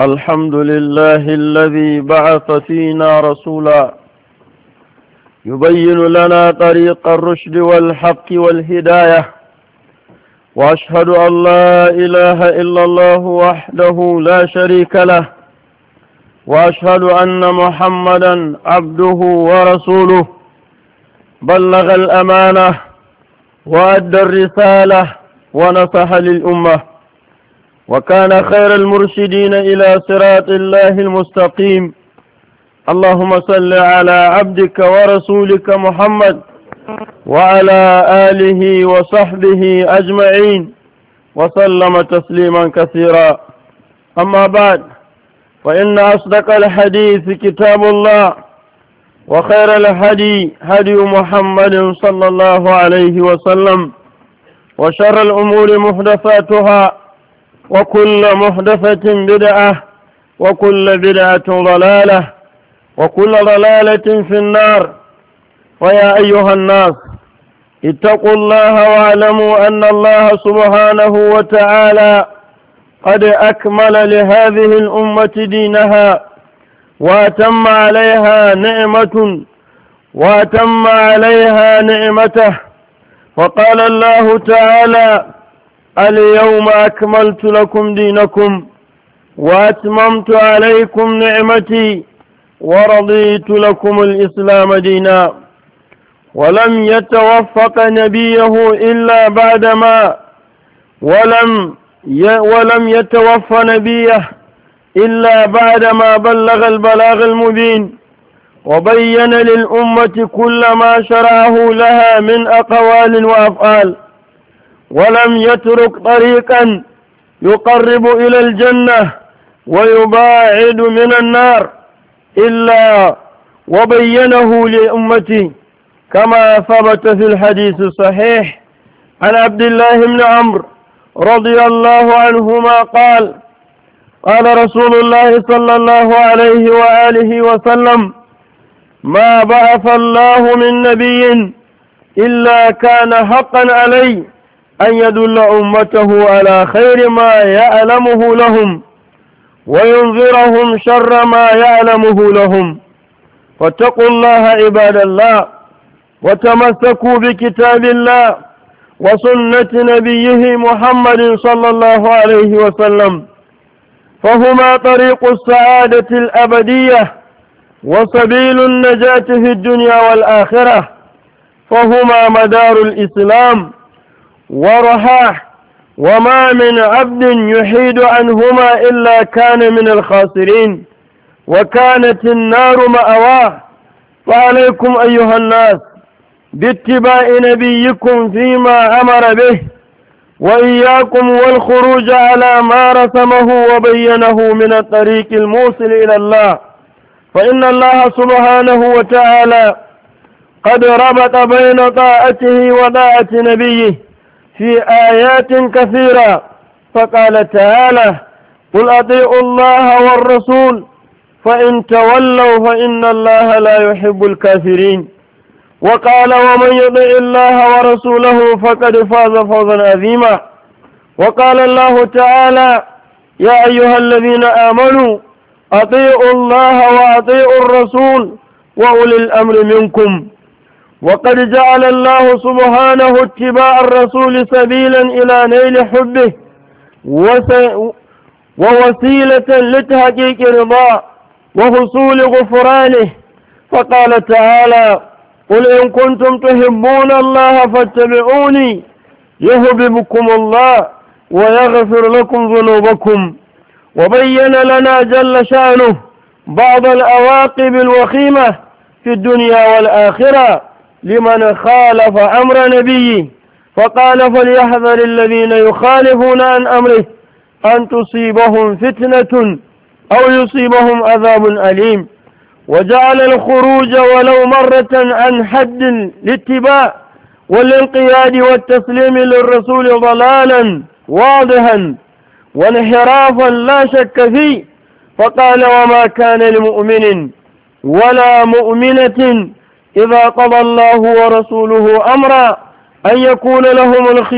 الحمد لله الذي بعث فينا رسولا يبين لنا طريق الرشد والحق والهداية وأشهد أن لا إله إلا الله وحده لا شريك له وأشهد أن محمدا عبده ورسوله بلغ الأمانة وأدى الرسالة ونصح للأمة وكان خير المرشدين إلى صراط الله المستقيم اللهم صل على عبدك ورسولك محمد وعلى آله وصحبه أجمعين وسلم تسليما كثيرا أما بعد فإن أصدق الحديث كتاب الله وخير الهدي هدي محمد صلى الله عليه وسلم وشر الأمور محدثاتها وكل محدثة بدعة وكل بدعة ضلالة وكل ضلالة في النار ويا أيها الناس اتقوا الله واعلموا أن الله سبحانه وتعالى قد أكمل لهذه الأمة دينها وأتم عليها نعمة وأتم عليها نعمته وقال الله تعالى اليوم أكملت لكم دينكم وأتممت عليكم نعمتي ورضيت لكم الإسلام دينا ولم يتوفق نبيه إلا بعدما ولم ولم يتوفى نبيه إلا بعدما بلغ البلاغ المبين وبين للأمة كل ما شرعه لها من أقوال وأفعال ولم يترك طريقا يقرب إلى الجنة ويباعد من النار إلا وبينه لأمتي كما ثبت في الحديث الصحيح عن عبد الله بن عمرو رضي الله عنهما قال قال رسول الله صلى الله عليه وآله وسلم ما بعث الله من نبي إلا كان حقا عليه أن يدل أمته على خير ما يعلمه لهم وينذرهم شر ما يعلمه لهم فاتقوا الله عباد الله وتمسكوا بكتاب الله وسنة نبيه محمد صلى الله عليه وسلم فهما طريق السعادة الأبدية وسبيل النجاة في الدنيا والآخرة فهما مدار الإسلام ورهاه وما من عبد يحيد عنهما إلا كان من الخاسرين وكانت النار مأواه فعليكم أيها الناس باتباع نبيكم فيما أمر به وإياكم والخروج على ما رسمه وبينه من الطريق الموصل إلى الله فإن الله سبحانه وتعالى قد ربط بين طاعته وطاعة نبيه في آيات كثيرة فقال تعالى قل أطيعوا الله والرسول فإن تولوا فإن الله لا يحب الكافرين وقال ومن يطع الله ورسوله فقد فاز فوزا عظيما وقال الله تعالى يا أيها الذين آمنوا أطيعوا الله وأطيعوا الرسول وأولي الأمر منكم وقد جعل الله سبحانه اتباع الرسول سبيلا إلى نيل حبه ووسيلة لتحقيق رضاه وحصول غفرانه فقال تعالى قل إن كنتم تحبون الله فاتبعوني يهببكم الله ويغفر لكم ذنوبكم وبين لنا جل شأنه بعض الأواقب الوخيمة في الدنيا والآخرة لمن خالف أمر نبيه فقال فليحذر الذين يخالفون عن أمره أن تصيبهم فتنة أو يصيبهم عذاب أليم وجعل الخروج ولو مرة عن حد الاتباع والانقياد والتسليم للرسول ضلالا واضحا وانحرافا لا شك فيه فقال وما كان لمؤمن ولا مؤمنة إذا قضى الله ورسوله أمرا أن يكون لهم الخير